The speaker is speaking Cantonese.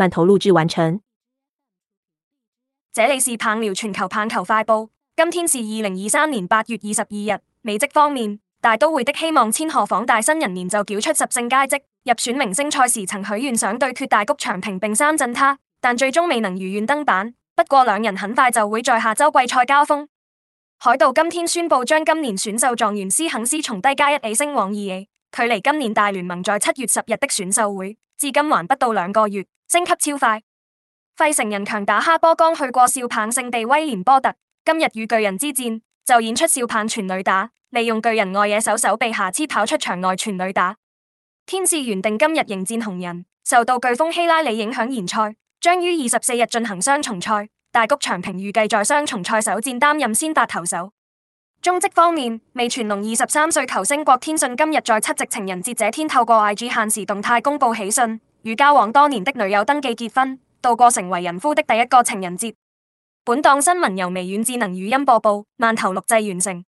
慢投錄製完成。這裏是棒聊全球棒球快報。今天是二零二三年八月二十二日。美職方面，大都會的希望千賀滉大新人年就繳出十勝佳績，入選明星賽時曾許願想對決大谷翔平並三振他，但最終未能如願登板。不過兩人很快就會在下週季賽交鋒。海盜今天宣佈將今年選秀狀元斯肯斯從低階一起升往二起，距離今年大聯盟在七月十日的選秀會，至今還不到兩個月。升級超快，費城人強打哈波剛去過少棒聖地威廉波特，今日與巨人之戰就演出少棒全壘打，利用巨人外野手手臂瑕疵跑出場外全壘打。天使原定今日迎戰紅人，受到颶風希拉里影響延賽，將於二十四日進行雙重賽。大谷翔平預計在雙重賽首戰擔任先發投手。中職方面，味全龍二十三歲球星郭天信今日在七夕情人節這天透過 IG 限時動態公布喜訊。與交往多年的女友登記結婚，度過成為人夫的第一個情人節。本檔新聞由微軟智能語音播報，慢頭錄製完成。